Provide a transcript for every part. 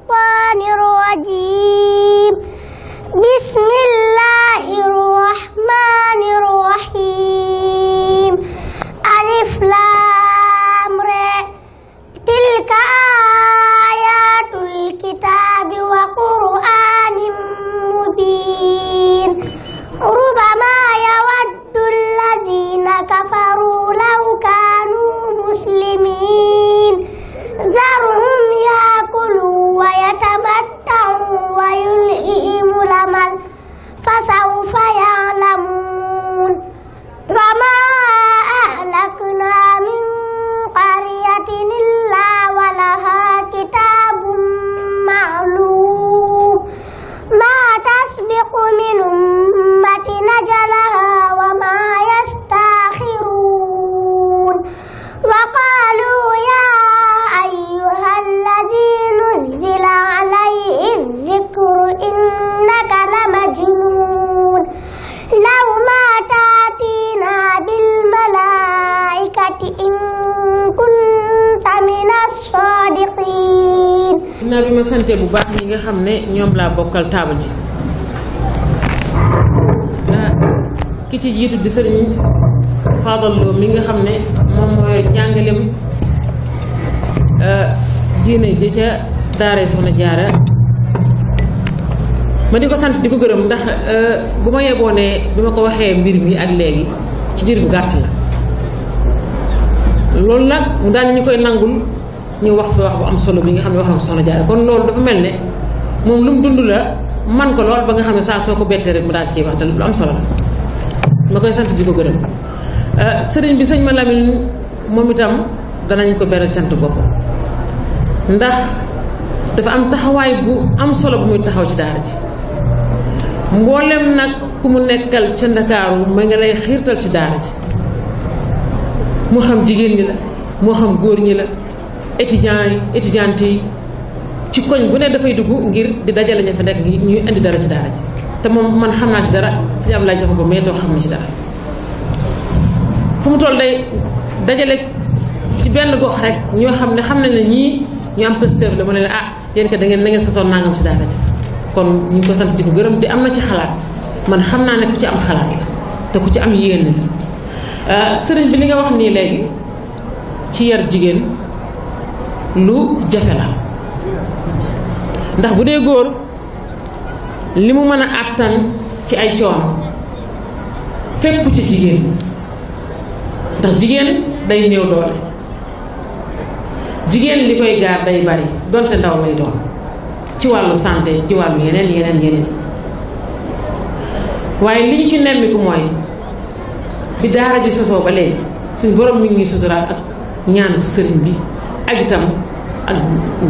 الشيطان الرجيم بسم naa bi ma santee bu baax ñi nga xam ne ñoom laa bokkal table ji ah, ki ci jiitu bi sëriñ faadal loo mi nga xam ne moom mooy jàngalem ah, diine ji ca daaree soxna jaara ma di ko sant di ko gërëm ndax ah, bu ma yeboonee bi ma ko waxee mbir mi ak léegi ci jir bi gàtt la loolu nag mu daal ñu koy nangul ñu wax fa wax bu am solo bi nga xam ne wax na ko soxna Jaara kon loolu dafa mel ne moom lu mu dund la man ko lool ba nga xam ne saa soo ko bettee rek mu daal ci wax te solo la koy sant di ko euh, sëriñ bi sëñ ma Lamine moom itam danañ ko beral cant bopp ndax dafa am taxawaay bu am solo bu muy taxaw ci daara ji mboolem nag ku mu nekkal ca ndakaaru ma nga lay xiirtal ci daara ji moo xam jigéen ñi la moo xam góor ñi la étudiants yi étudiantes ci koñ bu ne dafay dugg ngir di dajale ña fa nekk ngi ñuy indi dara ci daara ji te moom man xam naa ci dara sëñ Abdoulaye jox ko mais doo xam na ci dara fu mu toll dajale ci benn gox rek ñoo xam ne xam nañ na ñii ñu am pësteur la ma ne la ah, da ngeen na ngeen sasoon nangam ci daara ji kon ñu ngi ko sant di ko gërëm di am na ci xalaat man xam naa ne ku ci am xalaat la te ku ci am yéene la euh, sëriñ bi li nga wax nii léegi ci yar jigéen lu jafe la ndax bu dee góor li mu mën a àttan ci ay coon fépp ci jigéen ndax jigéen day néew doole jigéen li koy gaar day bari donte ndaw lay doon ci wàllu sante ci wàllu yeneen yeneen yeneen waaye li ñu ci nemmiku mooy bi daara ji sosoo ba léegi suñu borom mi ngi suturaat ak ñaanu sëriñ bi ak itam ak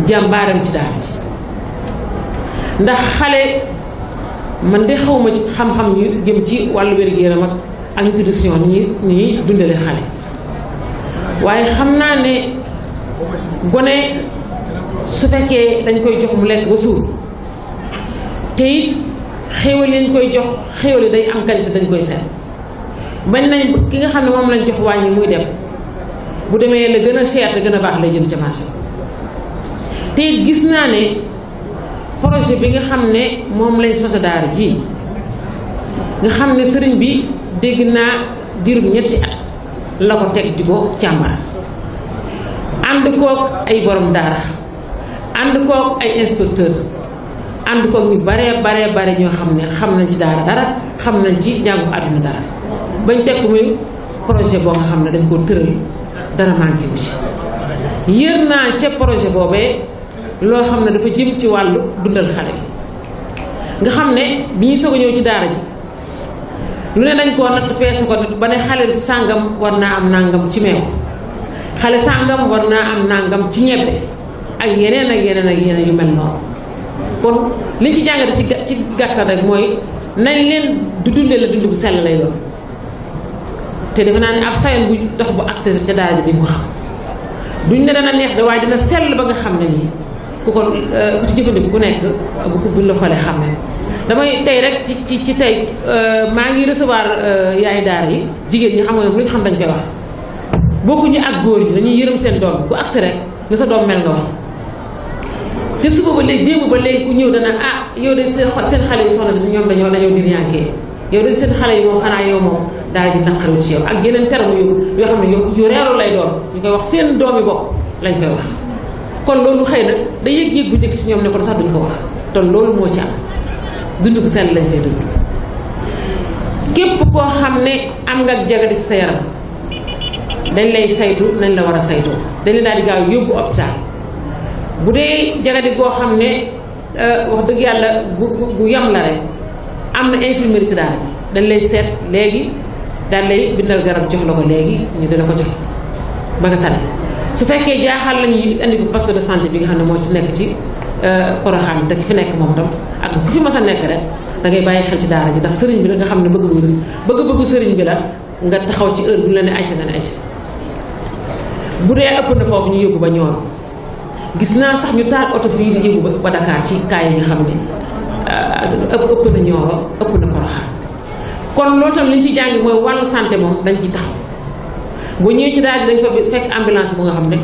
jàmbaaram ci daara ji ndax xale man de xaw ma xam-xam yu jëm ci wàllu wér-gu-yaram ak ak nutrition ñi ñuy dundale xale waaye xam naa ne gone su fekkee dañ koy jox mu lekk ba suur te it xéewal lañ koy jox xéewal day am qualité dañ koy seet bañ nañ ki nga xam ne moom lañ jox wàññi muy dem bu demee la gën a cher te gën a baax lay jënd ca marché te gis naa ne projet bi nga xam ne moom lay sosa daara ji nga xam ne sëriñ bi dégg naa diirum ñetti at la ko teg di ko càmbar ànd kook ay borom daara ànd kook ay inspecteur ànd kook ñu bare bare bare ñoo xam ne xam nañ ci daara dara xam nañ ci jàngu àdduna dara bañ teg muy projet boo nga xam ne dañ koo tëral dara manqué wu ci yër naa ca projet boobee loo xam ne dafa jëm ci wàllu dundal xale yi nga xam ne bi ñuy soog a ñëw ci daara ji lu ne nañ koo natt peese ko ba ne xale sàngam war naa am nàngam ci meew xale sàngam war naa am nàngam ci ñebbe ak yeneen ak yeneen ak yeneen yu mel noonu kon liñ ci jàngate ci ci rek mooy nañ leen du dundee la dund bu sell lay doon te dafa naa ne ab sayal bu dox bu accès ca daal di nga ko xam duñ ne dana neex de waaye dina sell ba nga xam ne nii ku ko euh, ku ci jëfandiku ku nekk bu ko buñ la xoolee xam ne damay tey rek ci ci ci tey euh, maa ngi recevoir euh, yaay daara yi jigéen ñi xam nga ne lu ñu xam dañ koy wax bokkuñu ak góor ñi dañuy yërëm seen doom ku accès rek ne sa doom mel nga wax te suba ba léegi démb ba léegi ku ñëw dana ah yow de seen xale yi soxna si ñoom dañoo dañoo diriyankee yow dañ seen xale yow xanaa yow moom daara ji naqaru ci yow ak yeneen terme yu yoo xam ne yu reeru lay doon ñu koy wax seen doomi bopp lañ koy wax kon loolu xëy na da yëg-yëg ñoom ne ko sax duñ ko loolu moo ci am dund lañ koy dund koo xam ne am nga jagadi sa dañ lay saytu nañ la war a saytoo dañ la daal di gaaw yóbbu opitaal bu dee jagadi goo xam ne euh, wax dëgg yàlla gu gu yam la rek am na infirmerie ci daara bi dañ lay seet léegi dal lay bindal garab jox la ko léegi ñu dina ko jox ba nga tane su fekkee jaaxal lañuy indi ko poste de santé bi nga xam ne moo ci nekk ci euh, programme te ki fi nekk moom tam ak ku fi ma a nekk rek da ngay bàyyi xel ci daara ji ndax sëriñ bi la nga xam ne bëgg-bëggu bëgg-bëggu sëriñ bi la nga taxaw ci heure bu la ne ayca nga ne ayca bu dee ëpp na foofu ñu yóbbu ba ñoom gis naa sax ñu taal oto fii di yóbbu ba Dakar ci kaay yi nga xam ne Euh, ëpp ëpp na ñooro ëpp na Porokhane kon loolu tam li ñu ci jàng mooy wàllu santé moom dañ ciy taxaw bu ñëwee ci daal dañ fa fekk ambulance bu nga xam ne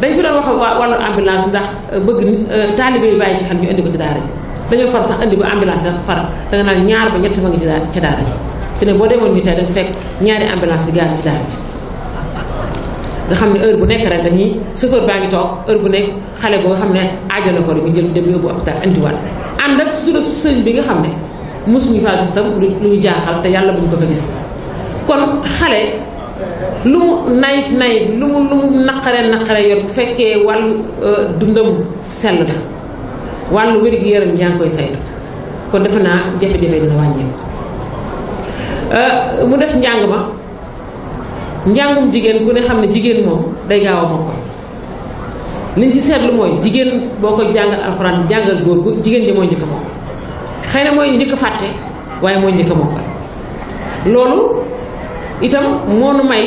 dañ fi doon wax wàllu ambulance ndax euh, bëgg euh, taalibe yi bàyyi ci xel ñu indi ko ci daara ji dañoo far sax indi bu ambulance sax far danga naan ñaar ba ñett ma ngi ci daara ci daara ji fi ne boo demoon ñu tey dafa fekk ñaari ambulance di gaar ci daara ji nga xam ne heure bu nekk rek dañuy chauffeur baa ngi toog heure bu nekk xale boo nga xam ne aajo na ko dañuy mu dem yóbbu hôpital indiwaat ànd ak suñu sëñ bi nga xam ne mosuñu faa gis tam lu jaaxal te yàlla buñ ko fa gis kon xale lu mu nayif nayif lu mu lu mu naqare naqare yor bu fekkee wàllu euh, dundam sell na wàllu wér-gu-yaram yaa ngi koy saytu kon defe naa jafe-jafe dina wàññeeku euh, mu des njàng ma njàngum jigéen ku ne xam ne jigéen moom day gaaw a mokkal liñ ci seetlu mooy jigéen boo ko jàngal alxuraan jàngal góor gu jigéen ji mooy njëkk a mokkal xëy na mooy njëkk a fàtte waaye mooy njëkk a mokkal loolu itam moo nu may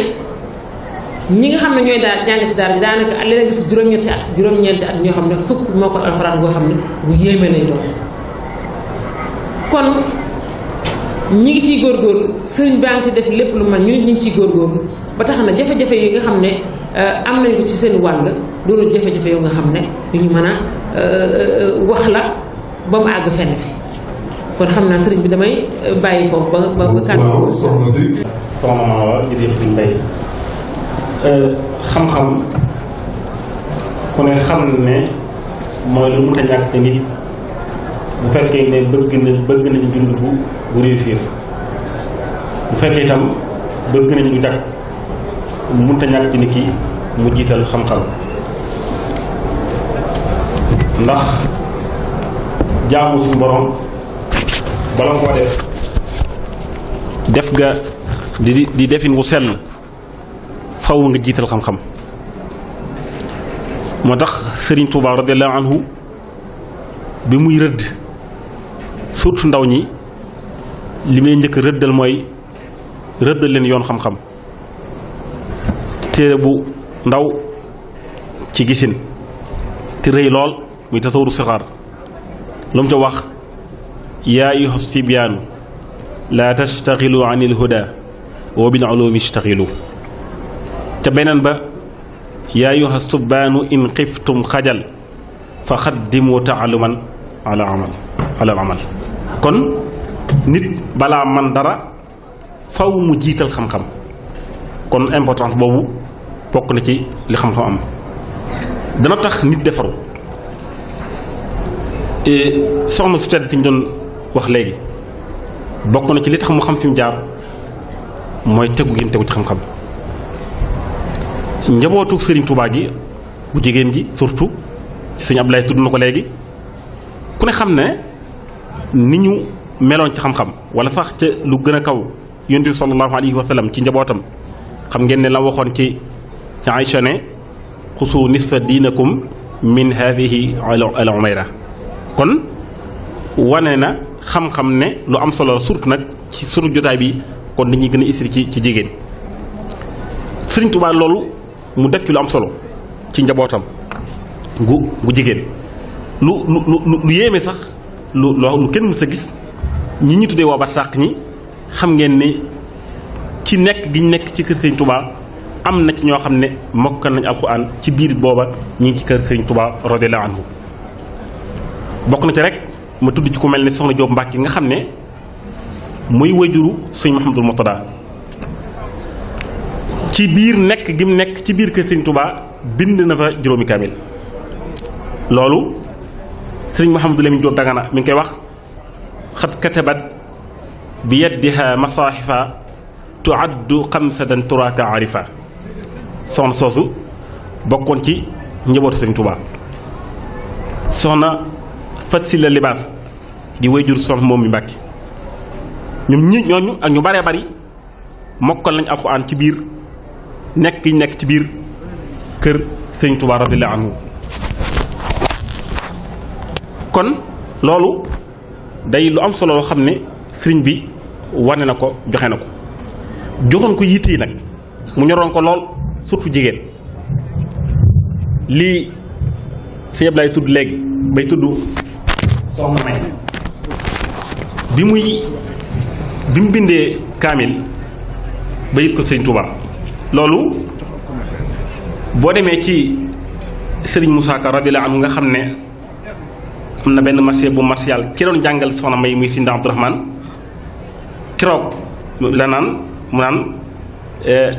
ñi nga xam ne ñooy daal jàng ci daal daanaka li la gis juróom-ñetti at juróom-ñeenti at ñoo xam ne fukk mokkal alxuraan goo xam ne bu yéeme lay doon ñi ngi ciy góorgóorlu sëriñ baa ngi ci def lépp lu man ñu nit ñi ngi ciy góorgóorlu ba tax na jafe-jafe yi nga xam ne euh, am na ko ci seen wàll doonul jafe-jafe yoo nga xam ne yu mën a euh, wax la ba mu xam naa sëriñ bi damay euh, bàyyi ko lu mu ta ñàkk nit bu fekkee ne bëgg na bëgg nañ dund bu bu bu fekkee itam bëgg nañ du jag ñàkk nit ki mu jiital xam-xam ndax jaamu suñu borom bala nga koo def def nga di di defin wu sell faw nga jiital xam-xam moo tax Sëriñ Tuubaa radiyallaahu anhu bi muy rëdd surtout ndaw ñi limay ñëk rëddal moy rëddal leen yoon xam-xam téré bu ndaw ci gisin ti reey lool muy tasawru sixaar lum ci wax ya ayuha sibyaanu la tashtaghilu anil huda wa bil ulumi ishtaghilu ca benen ba ya ayuha subbaanu in qiftum khajal fa xaddimu taaluman ala amal alal amal kon nit balaa man dara faw mu jiital xam-xam kon importance boobu bokk na ci li xam-xam am dana tax nit defaru soxna su tedd si ñu doon wax léegi bokk na ci li tax mu xam fi mu jaar mooy tegu gi tegu ci xam-xam njabootu Serigne Touba gi bu jigéen gi surtout Serigne Abdoulaye tudd na ko léegi ku ne xam ne. ni ñu meloon ci xam-xam wala sax ca lu gën a kaw yonent bi sallallahu alayhi wa ci njabootam xam ngeen ne la waxoon ci ci Aïcha ne xusu nisfa diinakum min hadihi al umayra kon wane na xam-xam ne lu am solo la surtout nag ci sunu jotaay bi kon dañuy gën a isri ci ci jigéen Sëriñ loolu mu def ci lu am solo ci njabootam gu gu jigéen lu lu lu yéeme sax lu lu kenn mës a gis ñi ñi tuddee waa barsàq ñi xam ngeen ni ci nekk gi nekk ci kër Sëriñ Tuubaa am na ci ñoo xam ne mokkal nañu alxuraan ci biir booba ñi ngi ci kër Sëriñ Tuubaa radiyallaahu anhu bokk na ci rek ma tudd ci ko mel ne soxna Jóob Mbàkke nga xam ne muy wajuru Sëriñ Mahamadul Murtadaa ci biir nekk gi mu nekk ci biir kër Sëriñ Tuubaa bind na fa juróomi kaamil loolu سيرن محمد لمن جور دغانا من كي واخ خط كتبت بيدها مصاحف تعد قمصدا تراك عارفا سون سوسو بوكون تي نيبوت سيرن توبا سونا فسيل لباس دي ويجور سون مومي باكي ñom ñi ñooñu ak ñu bari bari mokkal nañ alquran ci biir nekk nekk ci biir kër serigne touba radhiyallahu anhu kon loolu day lu am solo loo xam ne sëriñ bi wane na ko joxe na ko joxoon ko yitte yi nag mu ñoroon ko lool surtout jigéen lii sëñ lay tudd léegi bay tudd soxna bi muy bi mu bindee kaamil ba yit ko sëriñ Touba loolu boo demee ci sëriñ Moussa Ka radiyallahu anhu nga xam ne amna na benn marché bu martial ki don jangal sohna may muy sindou abdourahman kérok la nan mu euh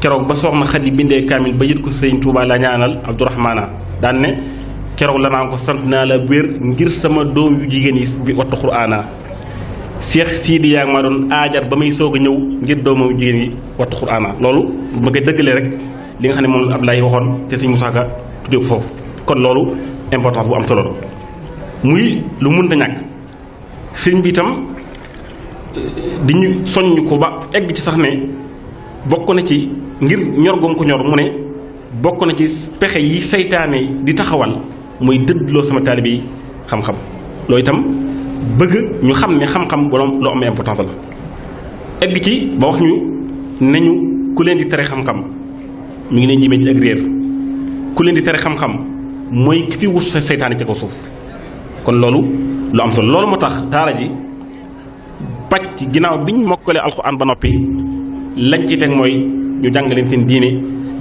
kérok ba sohna khadi binde kamil ba yit ko serigne touba la ñaanal abdourahmana daan ne kérok la nan ko sant na la wér ngir sama doom yu jigen yi bi wat qur'ana cheikh sidi ya ma don ajar ba may soog ñew ngir ngir doomam jigen yi wat qur'ana lolu ma ngay dëggalee rek li nga xamne mom moom la te serigne moussa Ka tuddee fofu kon lolu importance bu am solo muy lu mun da ñàkk sëriñ bi itam eh, di ñu soññ ko ba egg ci sax ne bokk na ci ngir ñor gum ko ñor mu ne bokk na ci pexe yi seytaane di taxawal muy dëddloo sama taalibe yi xam-xam loolu itam bëgg ñu xam ne xam-xam borom loo am importance la egg ci ba wax ñu nañu ku leen di tare xam-xam mu ngi leen jëmee ci ak réer ku leen di tere xam-xam mooy ki sa seytaane ci kaw suuf kon loolu lu am solo loolu moo tax daara ji pàcc ginnaaw bi ñu mokkalee alxuraan ba noppi lañ ci teg mooy ñu jàngaleen seen diine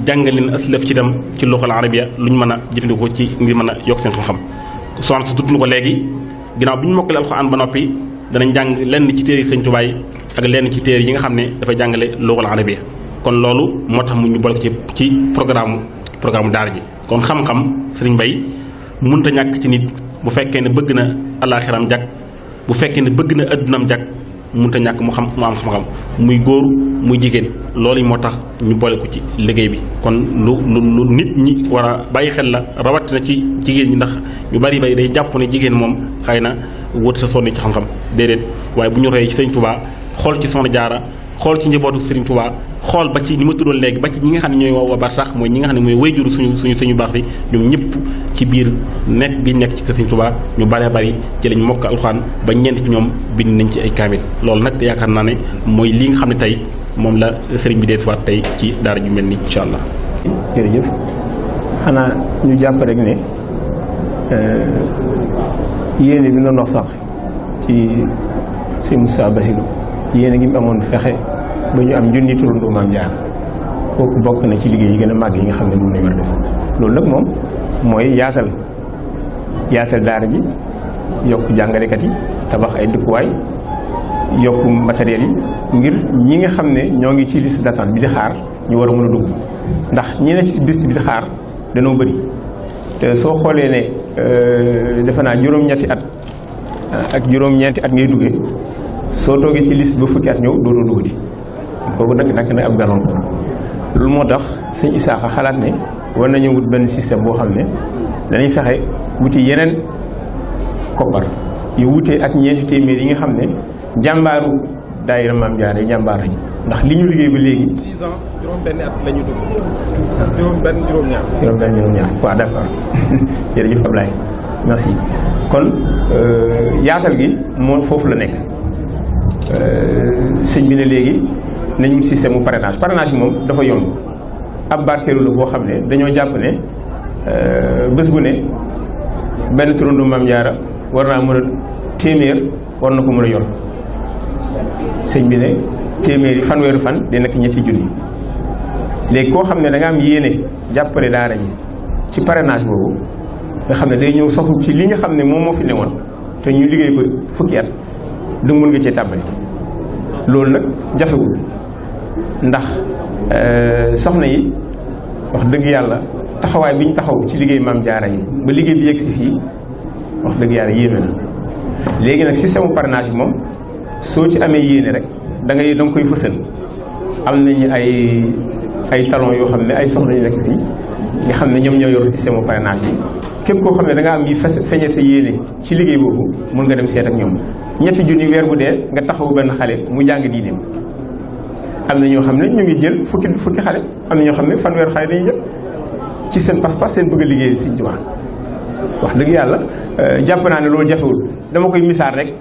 jàngaleen aslaf ci itam ci loxol arabiya lu ñu mën a jëfandikoo ci ngir mën a yokk seen xam-xam soxna su tudd na ko léegi ginnaaw bi ñu mokkalee alxuraan ba noppi danañ jàng lenn ci téere Sëñ Tuubaa yi ak lenn ci téere yi nga xam ne dafa jàngale loxol arabiya kon loolu moo tax mu ñu boole ko ci ci programme programme daara ji kon xam-xam sëriñ bay ci nit bu fekkee ne bëgg na alaaxiram jag bu fekkee ne bëgg na addunaam jag mënut a ñàkk mu xam mu am xam-xam muy góor muy jigéen loolu moo tax ñu boole ko ci liggéey bi kon lu lu lu nit ñi war a bàyyi xel la rawatina ci jigéen ñi ndax ñu bari bari day jàpp ne jigéen moom xëy na wut sa sonni ci xam-xam déedéet waaye bu ñu royee ci Sëñ Tuubaa xool ci Soxna Jaara xool ci njabootu Serigne Touba xool ba ci ñi ma tuddoon léegi ba ci ñi nga xam ne ñooy waa bar sax mooy ñi nga xam ne mooy wayjuru suñu suñu suñu baax si ñoom ñëpp ci biir nekk gi nekk ci kër Serigne ñu baree bari ci lañ mokk alxuraan ba ñeent ñoom bind nañ ci ay kaamil loolu nag yaakaar naa ne mooy li nga xam ne tey moom la Serigne bi dee siwaat tey ci daara ju mel ni incha allah. jërëjëf xanaa ñu jàpp rek ne euh, yéene bi nga dox sax ci Serigne Moussa yéen a ngi amoon fexe ba ñu am junni turandoo maam jaar kooku bokk na ci liggéey yi gën a màgg yi nga xam ne moom la ñu war a def loolu nag moom mooy yaatal yaatal daara ji yokk jàngalekat yi tabax ay dëkkuwaay yokk matériel yi ngir ñi nga xam ne ñoo ngi ci liste d'attente bi di xaar ñu war a mën a dugg ndax ñi ne ci bi di xaar danoo bëri te soo xoolee ne euh, defe naa juróom-ñetti at ak juróom-ñeenti at ngay duggee soo toogee ci liste ba fukki at ñëw dootoo duggati kooku nag nag na ab gàllankoor loolu moo tax sëñ Isaaxa xalaat ne war nañu wut benn système boo xam ne danañ fexe wuti yeneen koppar yu wutee ak ñeenti téeméer yi nga xam ne jàmbaaru daayira maam jaare jàmbaar lañu ndax li ñu liggéey ba léegi. 6 ans juróom-benn juróom ñaar juróom-benn juróom-ñaar waaw d' accord jërëjëf Ablaye merci kon euh, yaatal gi moom foofu la nekk. Euh, sëñ bi ne léegi nañu système mu parrainage parrainage bi moom dafa yomb ab barkeelu la boo xam ne dañoo jàpp ne euh, bés bu ne benn turandu maam war naa mën a téeméer war na ko mën a yor sëñ bi ne téeméeri fanweeru fan di nekk ñetti junni léegi koo xam ne da am yéene jàppale daara ji ci parrainage boobu nga xam ne day ñëw soxu ci li nga xam ne moom moo fi woon te ñu liggéey ko fukki at lu mun nga cee tàmbali loolu nag jafewul ndax euh, soxna yi wax dëgg yàlla taxawaay bi ñu taxaw ci liggéey maam jaara yi ba liggéey bi yegg si fii wax dëgg yàlla yéeme na léegi nag si mu parrainage bi moom soo ci amee yéene rek da ngay da nga koy fësal am nañu ay ay talon yoo xam ne ay soxna ñu lekk fii nga xam ne ñoom ñoo yoru système mu parrainage bi képp ko xam ne da nga am yi fes feñe sa yéene ci liggéey boobu mun nga dem seet ak ñoom ñetti junni weer bu dee nga taxawu benn xale mu jàng diineem am na ñoo xam ñu ngi jël fukki fukki xale am ñoo xam ne fanweer xale dañuy jël ci seen pas-pas seen bëgg a si juma. Wah wax dëgg yàlla euh, jàpp naa ne loolu jafewul dama koy misaal rek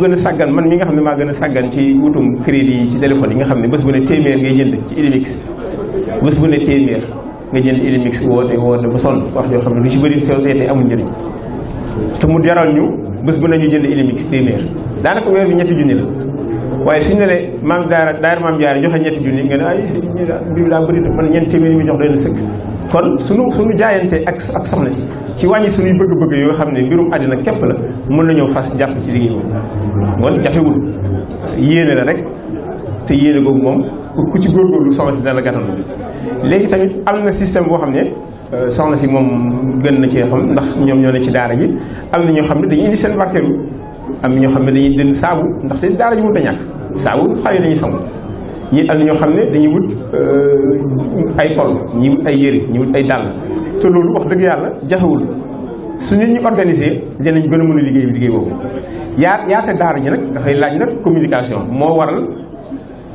gën a sàggan man mi nga xam ma maa gën a sàggan ci wutum crédit yi ci téléphone yi nga xam ne bu ne téeméer ngay jënd ci Illimix bu nga jël ilimix woote woote ba sonn wax yoo xam ne lu ci bëri sew seete amul njëriñ te mu jaral ñu bés bu nañu jënd ilimix téeméer daanaka weer bi ñetti junni la waaye suñu ne ne maam daara daara maam jaare joxe ñetti junni nga ne ay si bi daa bëri man a téeméer yi mu jox doy na sëkk yoo xam ne mbirum àddina képp la mën nañoo fas jàpp ci liggéey boobu kon jafewul yéene la rek te yéene googu moom ku ci góorgóorlu soxna si dina la gàttal léegi tamit am na système boo xam ne euh, soxna si moom gën na cee ndax ñoom ñoo ne ci daara ji am na ñoo xam ne dañu indi seen barkeelu am ñoo xam ne dañuy dënd saabu ndax te daara ji mënut a ñàkk saabu xale dañuy sangu ñi ñoo xam ne dañuy wut euh, ay kol ñi wut ay yére ñi wut ay dàll te loolu wax dëgg yàlla jaxewul su ñu ñi organisé dinañ gën a mën a liggéey liggéey boobu yaa yaate daara ji nag dafay laaj nag communication moo waral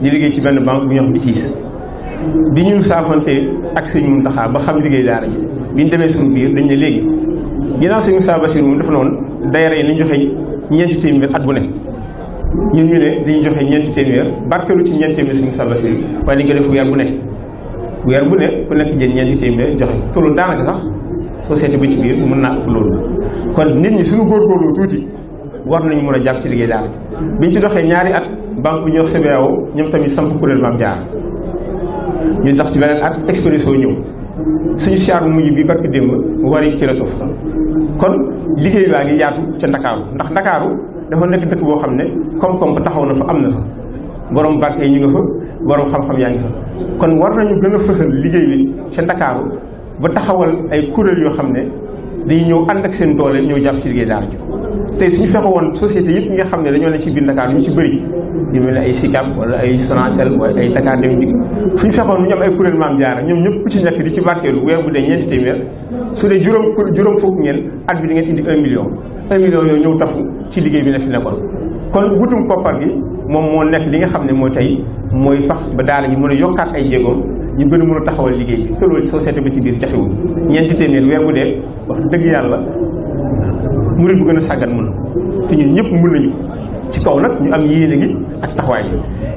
di liggéey ci benn banque bu ñu wax BICIS bi ñu saafante ak sëñ Muntaxa ba xam liggéey daara ji bi ñu demee suñu biir dañ ne léegi ginnaaw sëñ Moussa Bassirou moom dafa noonu yi lañ joxe ñeenti téeméer at bu ne ñun ñu ne dañuy joxe ñeenti téeméer barkeelu ci ñeenti téeméer sëñ Moussa Bassirou waaye dañ ko def weer bu ne weer bu ne ku nekk jël ñeenti téeméer joxe te loolu daanaka sax société ba ci biir mën naa ëpp loolu kon nit ñi suñu góorgóorlu tuuti war nañu mën a jàpp ci liggéey daara ji biñ ci doxee ñaari at banque bi ñëw CBAO ñoom tamit samp kuréel maam jaar ñu tax ci beneen at Expresso ñëw suñu siyaar bu mujj bi barki démb wari ci retof kon liggéey baa ngi yaatu ca ndakaaru ndax ndakaaru dafa nekk dëkk boo xam ne koom-koom ba taxaw na fa am na fa borom barke ñu nga fa borom xam-xam yaa ngi fa kon war nañu gën a fësal liggéey bi ca ndakaaru ba taxawal ay kuréel yoo xam ne dañuy ñëw ànd ak seen doole ñëw jàpp ci liggéey daara ji tey suñu woon société yëpp nga ne dañoo ne ci biir ndakaaru ñu ci bëri yu mel ne ay SICAP wala ay Sonatel wala ay Dakar Dem Dikk fu ñu fexoon ñu am ay kuréel maam jaara ñoom ñëpp ku ci nekk di ci barkeelu weer bu dee ñeenti téeméer su dee juróom juróom fukk ngeen at bi di ngeen indi 1 million yooyu ñëw tafu ci liggéey bi na fi nekkoon kon wutum koppar gi moom moo nekk li nga xam ne moo tey mooy tax ba daara ji mën a yokkaat ay jéegoom ñu gën a mën a taxawal liggéey bi te loolu société ba ci biir jafewul ñeenti téeméer weer bu dee wax yàlla a sàggan mën te ñun ñëpp mën ci kaw nag ñu am yéene gi ak taxawaay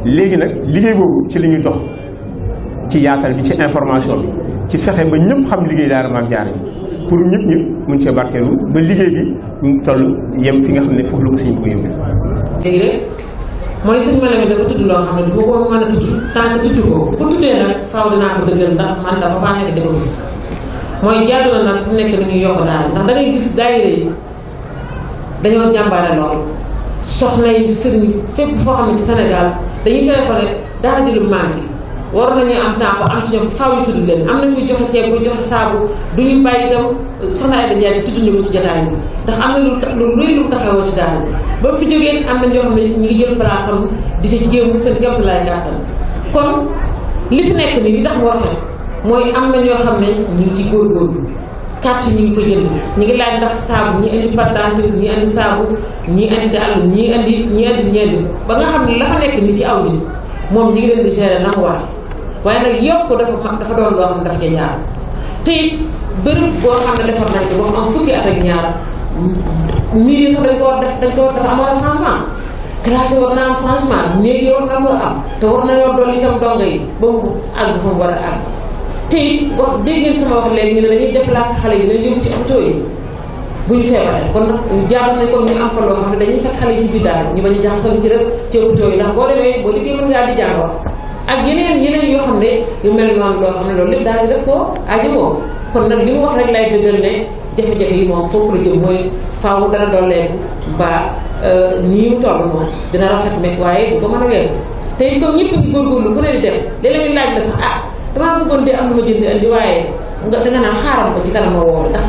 yi léegi nag liggéey boobu ci li ñu dox ci yaatal bi ci information bi ci fexe ba ñëpp xam liggéey daara maam jaara bi pour ñëpp ñëpp mun cee barkeelu ba liggéey bi ñu toll yem fi nga xam ne foofu la ko siñ ko yóbbee léegi de mooy suñu mel ni dafa tudd loo xam ne du ma ko mën tudd tant tudd ko bu tuddee nag faaw dinaa ko dëggal ndax man dafa faa nekk dafa gis mooy jaadu nag fu nekk dañuy yokk daal ndax da soxna yi sëriñ fépp foo xam ne ci Sénégal dañuy téléphone rek dara di lu manqué war nañu am temps am si ñoom faaw yu tudd leen am na ñuy joxe ceeb bu joxe saabu du ñu bàyyi itam soxna Aida Ndiaye tudd ñu ko ci jotaay bi ndax am na lu luy lu taxawoo ci daara ba mu fi jógee am na ñoo xam ne ñu ngi jël place di sa jéem seen gemtalaay gàttal kon li fi nekk nii li tax mu rafet mooy am na ñoo xam ne ñu góor ci góorgóorlu carte ñu ngi ko jënd ñu ngi laaj ndax saabu ñi indi pâte à dentifrice ñi indi saabu ñi indi dàll indi ñi ba nga xam ne la fa nekk ni ci aw bi moom ñi ngi leen di gérer na war waaye nag yëpp dafa dafa doon loo xam ne dafa ca jaar te it boo xam ne defar nañ ko ba mu am fukki at ak ñaar mii sax dañ ko ko war dafa amoon na am am te ba fa mu war a te it wax dégg ngeen sama wax léegi ñu ne dañuy déplacé xale yi dañu yóbbu ci hôpitaux yi bu ñu feebaree kon ndax jaar nañ kon ñu am fa loo xam ne dañuy fekk xale yi si biir daal ñu bañ a jaxasoo ci res boo demee boo liggéey mën ngaa di jàngoo ak yeneen yeneen yoo xam ne yu mel noonu loo xam ne loolu lépp daal di def ko ajiboo kon nag li mu wax rek lay dëggal ne jafe-jafe yi moom foofu la jëm mooy faaw dana dolleeku mbaa euh, nii mu toll moom dina rafet mais waaye bu ko mën a weesu te it comme ñëpp ngi góorgóorlu ku ne di def la sax ah damaa bëggoon de am lu ma jënd indi waaye nga danga naan xaaral ko ci kanam ma woo ndax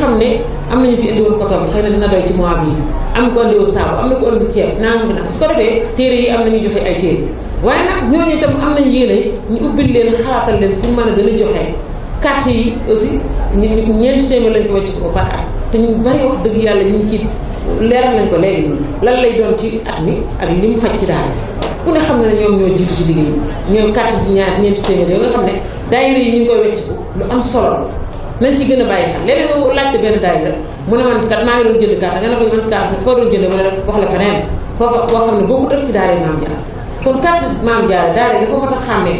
xam ne am nañu fi indiwoon coton bi xëy na dina doy ci mois bi am ko indiwoon am na ko indi yi am nañu joxe ay téere waaye nag ñooñu itam am nañu yéene ñu ubbil leen xalaatal leen fu mën a gën a joxe carte yi aussi ñu ñeenti téeméer lañ ko wàcc ko par at te ñu bari wax dëgg yàlla ñu ci leeral nañ ko léegi lan lay doon ci at mi ak li mu faj ci daal ku ne xam ne ne ji ñaar ñeenti téeméer yoo nga xam ne daayira yi ñu ngi koy wecciku lu am solo nañ ci gën a bàyyi xel léeg-léeg nga laajte benn daayira mu ne man kat maa ngi doon jënd carte nga ne ko man carte la feneen foofa boo xam ne bokkut ak ci daayira maam jaar kon carte maam jaar daayira dafa mat a xàmmee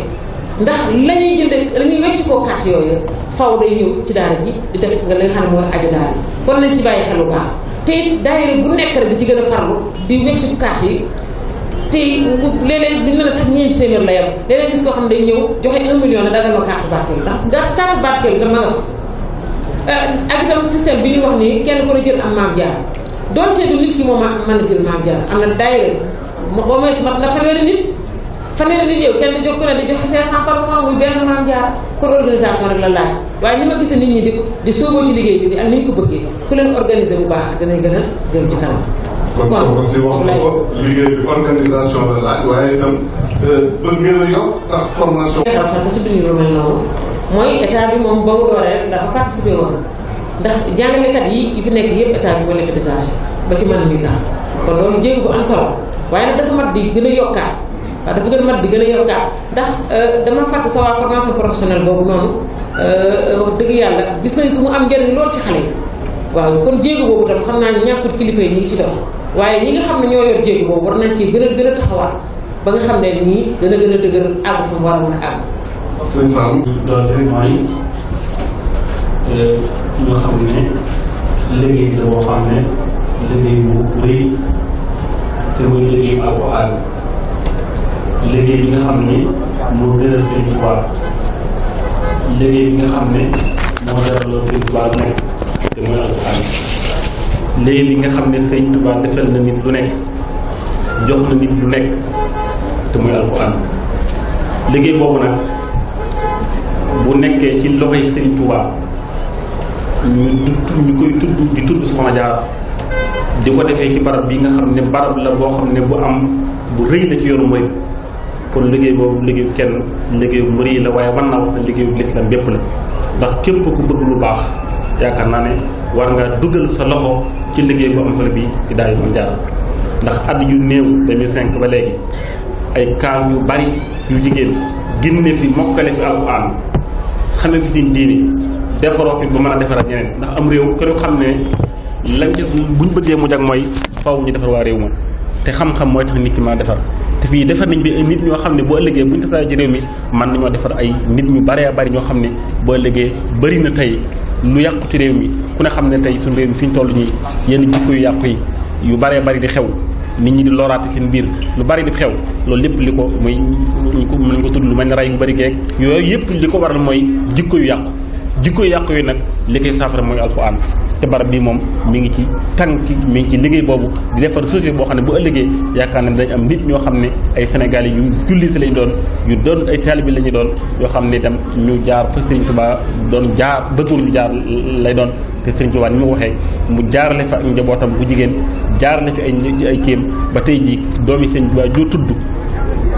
ndax la ñuy jënde la ñuy yooyu faw day ñëw ci daara ji di def nga la xam ne mooy aju daara ji kon nañ ci bàyyi xel bu baax te it bu nekk di ci gën a farlu di wecc carte yi te léeg bi dina la sax ñeenti téeméer la yor léeg-léeg gis koo xam ne day ñëw joxe 1 million ne dagal ma carte barkeel ndax ndax carte barkeel dama nga fa euh, ak itam système bi ñu wax nii kenn ku a jël am maam jaar donte du nit ki moom a mën a jël maam jaar am na daayira au moins mat na fanweeri nit fanweeri nit yow kenn du jóg ne di joxe 500 par muy benn maam jaar kon organisation rek la laaj waaye ni ma gis nit ñi di di ci liggéey bi di ak ni ñu ko ku leen a gëm ci kanam. na ko liggéey bi organisation la laaj waaye itam euh, bëgg ngeen a yokk ndax formation. li nga xam sax ba ci biir lu mel noonu mooy état bi moom ba mu dooleel dafa participer woon. ndax jàngalekat yi fi nekk yëpp état bi moo nekk détaché ba ci mën a misaal kon loolu jéego bu am solo waaye nag a yokkaat waaw dafa gën a mat di gën a yokkaat ndax euh, dama fàtte sa waa formation professionnelle boobu noonu euh, dëgg yàlla gis nañ ko mu am njëriñ lool ci xale yi waaw kon jéego boobu tam xam naa ñàkkul kilifa yi ñu ci dox waaye ñi nga xam ne ñoo yor jéego boobu war nañ ci gën a gën a ba nga xam ne nii dana gën a dëgër àgg fa mu war a mën a àgg. sëñ Fall. Euh, xam ne liggéey la boo xam ne liggéey bu rëy te muy liggéey liggéey bi nga xam ni moo gënal seen tubaab liggéey bi nga xam ne moo defaloo seen tubaab nekk te mooy alxuraan liggéey bi nga xam ne seen tubaab defal na nit lu nekk jox na nit lu nekk te mooy alxuraan liggéey boobu nag bu nekkee ci loxoy seen tubaab ñu tudd ñu koy tudd di tudd soxna jaar di ko defee ci barab bi nga xam ne barab la boo xam ne bu am bu rëy la ci yoon mooy kon liggéey boobu liggéeyu kenn liggéeyu mbëri la waaye mën naa wax ne liggéeyu lislam bépp la ndax képp ku bëgg lu baax yaakaar naa ne war nga dugal sa loxo ci liggéey bu am solo bi di daal di mën jaar ndax at yu néewu 2005 ba léegi ay kaam yu bari yu jigéen génne fi mokkale fi alxuraan xamee fi diin diini defaroo fi ba mën a defaraat ñeneen ndax am réew kenn xam ne lañ ca buñ bëggee mu jag mooy faw ñu defar waa réew ma te xam-xam mooy tax nit ki mën te fii defar nañ bi ay nit ñoo xam ne boo ëllëgee bu ñu ci réew mi man nañoo defar ay nit ñu baree bari ñoo xam ne boo ëllëgee bëri na tey lu yàqu ci réew mi ku ne xam ne tey suñu réew mi fi ñu toll ñii yenn jikko yu yàqu yi yu baree bari di xew nit ñi di loraate seen biir lu bari di xew loolu lépp li ko muy ñu ko mën ko tudd lu mel ne rey bu bari geeg yooyu yëpp li ko waral mooy jikko yu yàqu jikko yàq yi nag léegi koy saafara mooy alxuraan te barab bii moom mi ngi ci tànk mi ngi ci liggéey boobu di defar société boo xam ne bu ëllëgee yaakaar ne dañ am nit ñoo xam ne ay Sénégalais yu jullite lañu doon yu doon ay taalibe lañu doon yoo xam ne itam ñu jaar fa Sëriñ Tuubaa doon jaar bëggul ñu jaar lay doon te Sëriñ Tuubaa ni mu waxee mu jaarale fa ak njabootam bu jigéen jaarale fi ay ay kéem ba tey jii doomi Sëriñ Tuubaa joo tudd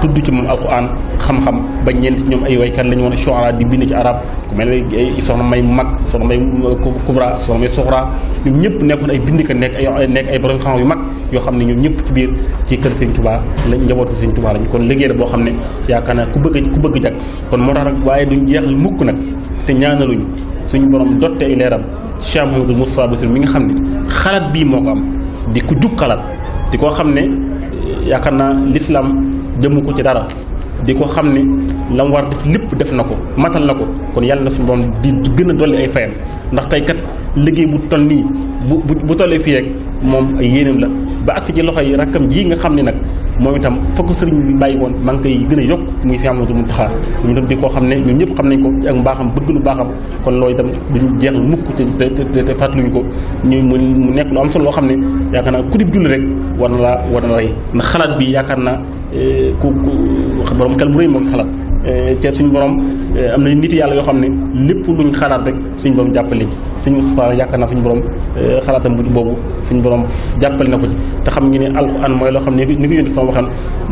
tudd ci moom alquran xam-xam ba ñeent ci ñoom ay waykat lañu woon shuara di bind ci arab ku may mag soxna ñoom ñëpp nekkoon ay bindkat nekk nekk ay borom xam yoo xam ne ñoom ñëpp ci biir ci kër sëñ tubaa lañ njabootu sëñ tubaa lañ kon liggéey la boo xam ne yaakaar naa ku bëgg ku bëgg jag kon moo tax nag waaye duñ jeexal mukk nag te ñaanaluñ suñu borom dotte ay leeram Cheikh Mamadou Moustapha Bassirou mi nga xam ne xalaat bii moo ko am di ku jub xalaat di koo xam ne yaakaar naa lislaam jëmu ko ci dara di ko xam ni la war def lépp def na ko matal na ko kon yàlla na suñu borom di gën a dolli ay fayam ndax tey liggéey bu toll nii bu bu tollee fii rek moom ay yéenam la ba agsi ci loxo yi rakkam jii nga xam ni nag moom itam fa ko sëriñ bi bàyyi woon maa ngi koy gën a yokk muy fi amatu mu taxaar moom itam di koo xam ne ñun ñëpp xam nañ ko ci ak mbaaxam bëgg lu baaxam kon loolu itam duñu jeexal mukk te te fàttaliñu ko ñu mu nekk lu am solo loo xam ne yaakaar naa ku dib julli rek war na laa war na rey ndax xalaat bi yaakaar naa eh, ku ku borom xel mu rëy moo ko xalaat ceeb eh, suñu borom eh, am na nit yàlla yoo xam ne lépp luñ xalaat rek suñu borom jàppale ci suñu Moustapha yaakaar naa suñu borom eh, xalaatam bu boobu suñu na ko ci te loo xam ne ni ko yónni sama waxan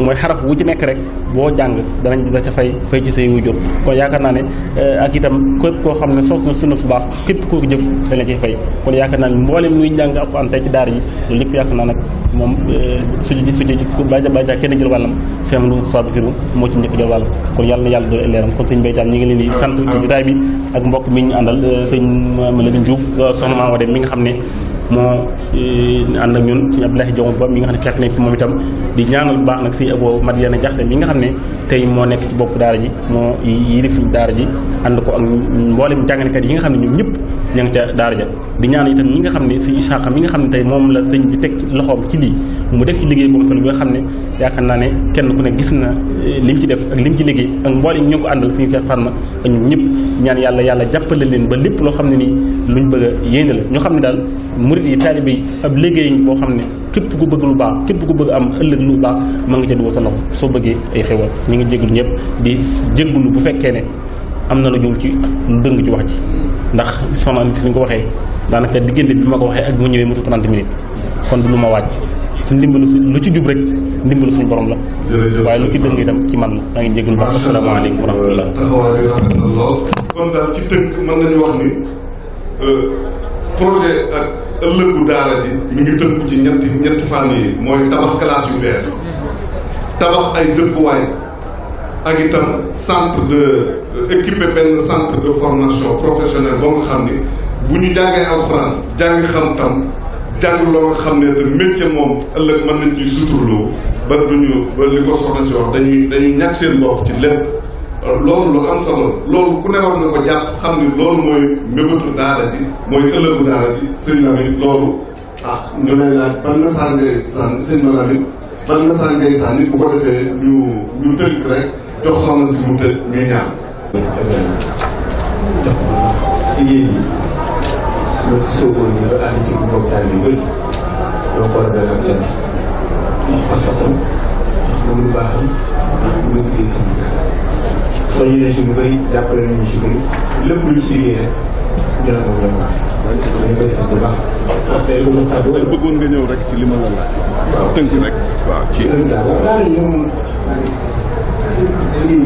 mooy xaraf wu da ca fay fay ci say wujur kon yaakaar ne eh, ak itam koo xam ne sos na sunna su baax képp koo jëf dañ la ciy fay kon yaakaar naa ne mboolem muy jàng alxuraan tey ci daara yi loolu lépp yaakaar naa nag moom eh, suji suji bàja bàja kenn jël wàllam sëñ Moustapha Moustapha Bassirou moo ci njëkk jël na yàlla leeram kon sëñ Mbaye Thiam ñi ngi leen di sant ci bi ak mbokk mi ñu àndal sëñ Abdou Diouf euh, soxna Maama Dem mi nga xam ne moo euh, ànd ak ñun suñu Abdoulaye Diom ba mi nga xam ne fekk nañ fi moom itam di ñaanal baax nag si Abo Madiana Diakhate mi nga xam ne tey moo nekk ci bopp daara ji moo yilif daara ji ànd ko ak mboolem jàngalekat yi nga xam ne ñoom ñëpp ña ngi ca daara ja di ñaan itam ñi nga xam ne si Isaaka mi nga xam ne moom la sëñ bi teg loxoom ci lii mu def ci liggéey boobu solo bi nga xam ne yaakaar naa ne kenn ku ne gis na euh, li mu ci def ak li mu ci liggéey ak mboolem ñoo ko àndal suñu Cheikh Fatma ak ñun ñëpp ñaan yàlla yàlla jàppale leen ba lépp loo xam ne nii luñ bëgg a yéene la ñu xam ne daal murid yi taalibe yi ab liggéey boo xam ne képp ku bëgg lu baax képp ku bëgg am ëllëg lu baax ma nga ca dugal sa loxo soo bëggee ay xewal ñu ngi jégalu ñëpp di jégalu bu fekkee ne am na lu jum ci lu dëng ci wax ci ndax soxna Anta ni ko waxee daanaka diggante bi ma ko waxee ak mu ñëwee mutu 30 minutes kon du lu ma wàcc ndimbalu lu ci jub rek ndimbalu suñu borom la. waaye lu ci dëng itam ci man la. maa ngi jégalu baax asalaamaaleykum wa Euh, projet ak ëllëgu daara ji mi ngi tënku ci ñetti ñett fànn yi mooy tabax classe yu bees tabax ay dëkkuwaay ak itam centre de euh, équipé benn centre de formation professionnelle boo nga xam ni bu ñu jàngee alxuraan jàng xam-xam jàng loo nga xam ne te métier moom ëllëg mën nañ ciy suturloo ba duñu ba li ko dañuy dañuy ñàkk seen bopp ci lépp loolu lu am solo loolu ku ne war nga ko jàpp xam ni loolu mooy mébétu daara ji mooy ëllëgu daara ji sëñ Lamine loolu ah ñu lay laaj ban message ngay sànni sëñ Lamine ban message ngay sànni bu ko defee ñu ñu tënk rek jox soxna si mu tëj ñuy ñaan jigéen ñi suñu sóoboon yi ba ànd ci bu bokk taal bi bëri doo ko war a dalal cant ndax pas-pasam moom lu baax yi ñu liggéey suñu kër soññu nañ si lu bëri jàppale nañu si bëri lépp lu ci liggéey rek ñu ci li la laaj waaw tënk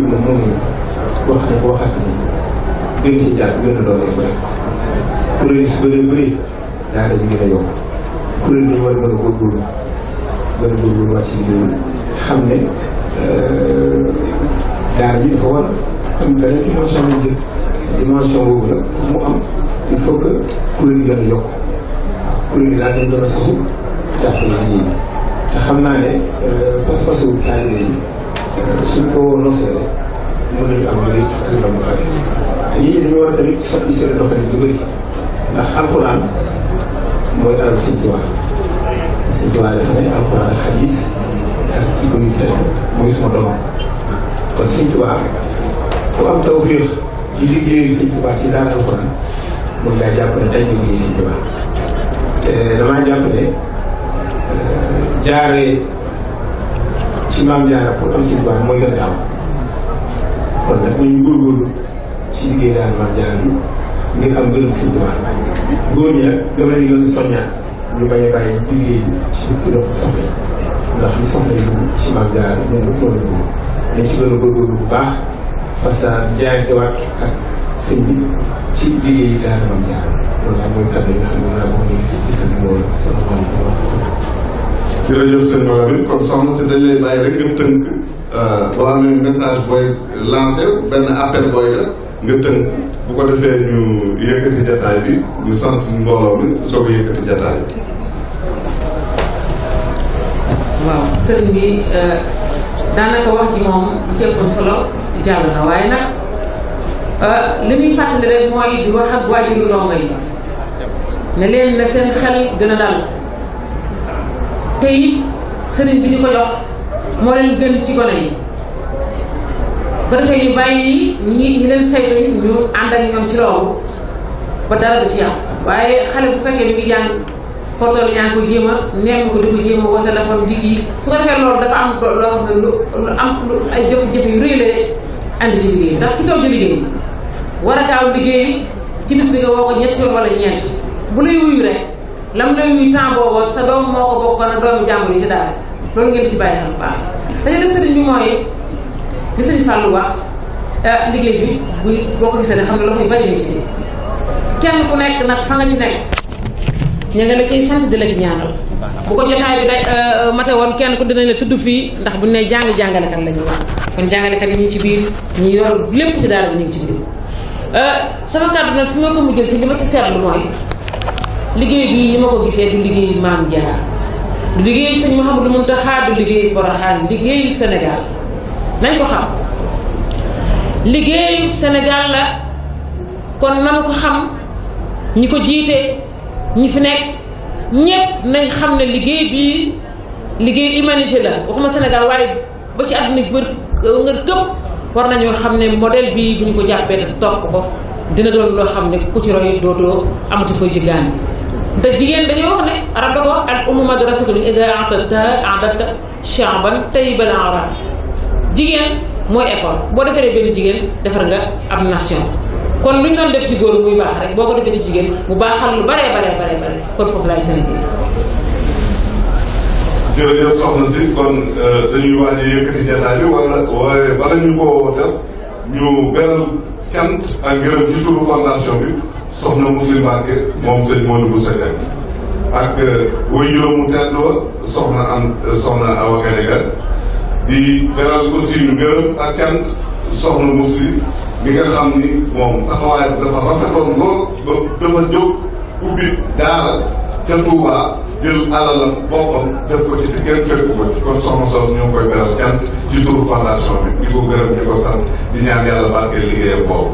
moom wax na ko waxaat ni gën ci jàpp gën a doole ko def kuréel su bëree bëri daara ji gën a yokk kuréel dañu war a mën a góorgóorlu gën a góorgóorlu waat ci liggéey xam ne daara ji dafa war am benn dimension lañ jël dimension boobu nag pour mu am il faut que kuréel yi gën a yokk kuréel yi daal dañ gën a sosu jàppale nit ñi te xam naa ne pas-pasu taalibe yi suñ ko noseere mën nañu am lu rëy ak lu bëri nit ñi dañu war a tamit soppi seen doxalin bu bëri ndax alxuraan mooy alal Sëñ Tuubaa Sëñ Tuubaa dafa ne alxuraan ak xadiis ak ci bëri teel mooy suma doom kon sëñ Tuubaa ku am tawféex di liggéeyu sëñ Tuubaa ci daal alxuraan mën ngaa jàpp ne tey liggéeyu sëñ Tuubaa te damaa jàpp ne jaaree ci maam jaara pour am sëñ Tuubaa mooy gën a gaaw kon nag nañu góorgóorlu ci liggéey daal maam jaara bi ngir am gërëm sëñ Tuubaa góor ñi nag dama leen gën a soññaat ñu bañ a bàyyi liggéey bi ci dëkk fi dox ndax li soxla yóbbu ci maam jaara ñun ñëpp moo yóbbu dañ ci gën a góorgóorlu bu baax parce que jaayantewaat ak sëñ bi ci liggéey daara maam jaara loolu daal mooy kàddu yi nga xam ne naa ko nekk ci gisal bi mooy salaamaaleykum wa rahmatulah. jërëjëf sëñ Maodo comme soxna si dañ lay bàyyi rek nga tënk euh, boo amee message booy lancé benn appel booy la nga tënk bu ko defee ñu yëkkati jataay bi ñu sant mbooloo mi soog a yëkkati jataay bi. waaw sëriñ bi euh, daanaka wax ji moom lu cëppoon solo jàll na waaye nag euh, li muy fàttali rek mooy di wax ak waajuru ndongo yi ne leen na seen xel gën a dal te sëriñ bi ñu ko jox moo leen gën ci gone yi bu ko defee ñu bàyyi ñi ñi leen saytu ñu ànd ak ñoom ci loolu ba dara du ci yàqu waaye xale bu fekkee ni ngi jàng foo toll yaa ko jéem a nemm ko di ko jéem a woo téléphone di kii su ko defee loolu dafa am loo xam ne lu lu am lu ay jafe-jafe yu rëy la de andi ci liggéey ndax ki toog di liggéey war a gaaw liggéey ci bis bi nga woo ko ñett yoon wala ñeent bu lay rek lam lay temps boobu sa doom moo ko bokk na doomu jàmbur yi ci daal loolu ngeen ci bàyyi xel bu baax dañu ne sëriñ bi mooy li sëriñ Fallou wax eh, liggéey bi buy boo ko gisee ne xam ne loxo yu bari nañ ci kenn ku nekk nag fa nga ci nekk ña nga la koy sant di la ci ñaanal bu ko jotaay bi day euh, euh, mate woon kenn ku dinañ la tudd fii ndax bu ne jàng-jàngalekat la ñu wax kon jàngalekat yi ñu ci biir ñu yor lépp ci daara ji ci biir euh, sama kàddu nag fi nga ko mujjal ci li ma ci seetlu mooy liggéey bii ni ma ko gisee du liggéey maam Diarra du liggéeyu sëñ Mouhamadou Mountakha du liggéeyu Porokhane liggéeyu Sénégal nañ ko xam liggéeyu Sénégal la kon nanu ko xam ñi ko jiite ñi fi nekk ñëpp nañ xam ne liggéey bi liggéey humanité la waxuma Sénégal waaye ba ci àdduna bi wër këpp war nañoo xam ne modèle bii bu ñu ko jàppee te topp ko dina doon loo xam ne ku ci roy dootoo amati koy jiggaan te jigéen dañoo wax ne arab da ko al ummu madrasatun idaa a'dadtahaa a'dadta sha'ban tayyiban araban jigéen mooy école boo defaree benn jigéen defar nga am nation kon lu ñu doon def ci góor muy baax rek boo ko defee ci jigéen mu baaxal lu baree baree baree bare kon foofu laay tënkee. jërëjëf soxna si kon euh, dañuy wax ne yëkkati jotaay bi waaye bala ñu def ñu beral cant ak ngërëm ci turu fondation bi soxna Muslim Mbacke moom sëñ Modou Moussa Diagne ak euh, way juróomu tedd soxna am euh, soxna Awa Gadiaga di beral aussi ñu ngërëm ak cant soxna Muslim mi nga xam ni moom taxawaay bi dafa rafetoon lool ba dafa jóg ubbi daara ca Touba alalam boppam def ko ci di ngeen fekk ko ci kon soxna soos ñu ngi koy beral cant ci turu fondation bi di ko gërëm di ko sant di ñaan yàlla barkeel liggéeyam boobu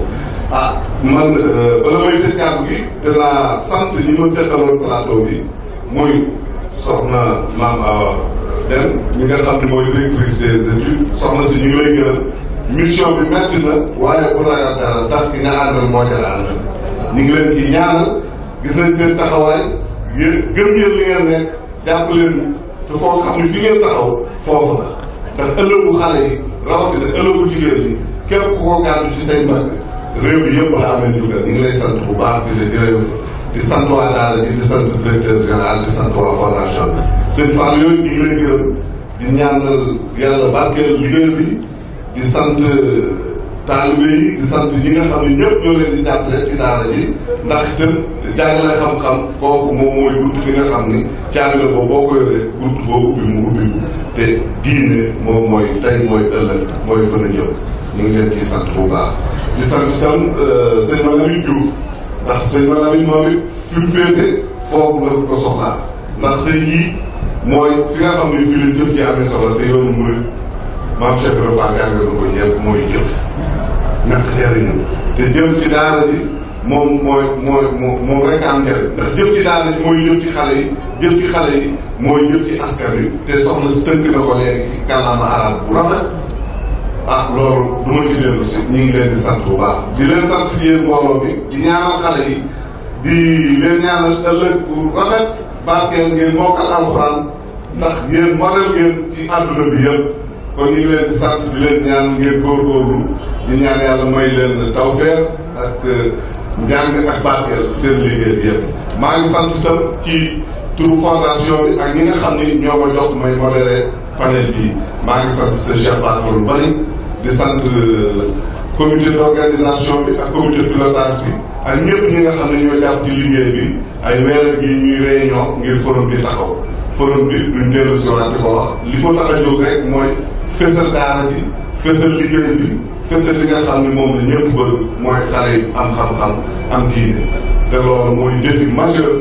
ah man euh, bala may tëj kàddu gi dinaa sant ñi ma seetaloon plateau bi muy soxna maam Awa Deme mi nga xam ne mooy directrice des études soxna si ñu ngi lay gërëm mission bi metti na waaye bu ragal dara ndax ki nga àndal moo ca la àndal ci ñaanal gis seen taxawaay yéen gëm ngeen li ngeen nekk leen te foo xam ne fi ngeen taxaw foofu ndax ëllëgu xale yi rawatina ëllëgu jigéen ñi képp ku ko gàddu ci say mag réew mi yëpp la amee njukkal ñu sant bu baax di la jërëjëf di sant waa daara ji di sant directeur général di sant waa fondation bi seen fànn yooyu ñu ngi di ñaanal yàlla barkeel liggéey bi di sant taalibe yi di sant ñi nga xam ne ñëpp ñoo leen di jàppale ci daara ji ndax itam jàngale xam-xam kooku moom mooy bunt bi nga xam ni jàngale ko boo ko yoree bunt boo ubbi mu ubbi te diine moom mooy tey mooy ëllëg mooy fën ñu ngi leen ciy bu baax. di sant itam euh, sëñ Malamine Diouf ndax sëñ Malamine moom fi mu féete foofu la ko soxlaa ndax tey jii mooy fi nga xam ne fii la jëf ji amee te yoonu murit maam Cheikh Ibra Fall jàngal ko ñeent mooy jëf ñàkk jariñu te jëf ci daara ji moom mooy mooy moom rek am njariñ ndax jëf ci daara ji mooy jëf ci xale yi jëf ci xale yi mooy jëf ci askan wi te soxna si tënk na ko léegi ci kàllaama arab bu rafet ah loolu du ma ci dellu si ñu ngi leen di sant bu baax di leen sant yéen mbooloo bi di ñaanal xale yi di leen ñaanal ëllëg bu rafet barkeel ngeen mokkal alxuraan ndax yéen waral ngeen ci àdduna bi yëpp kon ñu ngi leen di sant di leen ñaan ngeen góorgóorlu ñu ñaan yàlla may leen tawfeex ak euh, njàng ak barkeel seen liggéey bi yëpp. maa sant itam ci turu fondation bi ak ñi nga xam ni ñoo ma jox may modéré panel bi maa sant sa chef lu bari di sant euh, comité d'organisation bi ak comité de pilotage bi ak ñëpp ñi nga xam ne ñoo jàpp ci liggéey bi ay weer gi ñuy réunion ngir forum bi taxaw forum bi duñ dellu si waat di ko li ko tax a mooy fësal daara bi fësal liggéey bi fësal li nga xam ne moom la ñëpp bëgg mooy xale yi am xam-xam am diine te mooy défi majeur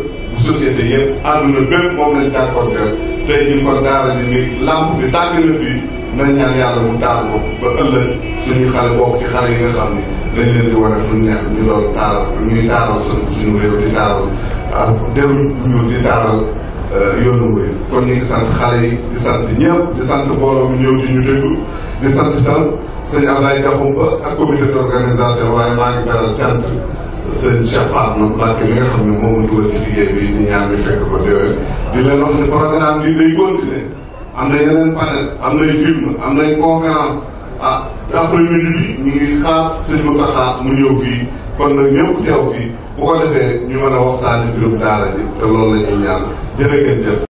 bu yëpp àdduna bépp moom lañ jànkonteel tey ñu ko daara ji ni làmp bi tàgg na fii nañ ñaan yàlla mu taal ko ba ëllëg suñu xale bokk ci xale yi nga xam ni dañ di wane fu neex ñu loolu taaral ñuy taaral suñu réew di taaral ah, deru ñuul di taaral Euh, yoonu murid kon ñu ngi sant xale yi di sant ñëpp di sant mbooloo mi ñëw di ñu déglu di sant tam sëñ Abdoulaye Diakhoumpa ak comité organisation waaye maa ngi beral cant sëñ Cheikh Fatma Mbacke mi nga xam ne moom la dugal fekk ko di leen wax ne programme bi day continuer am na yeneen panel am nay am nay conférence ah après midi bi ñu ngi xaar bu ko defee ñu mën a waxtaani mbirum daara ji te loolu la ñuy ñaan jërë ngeen jëf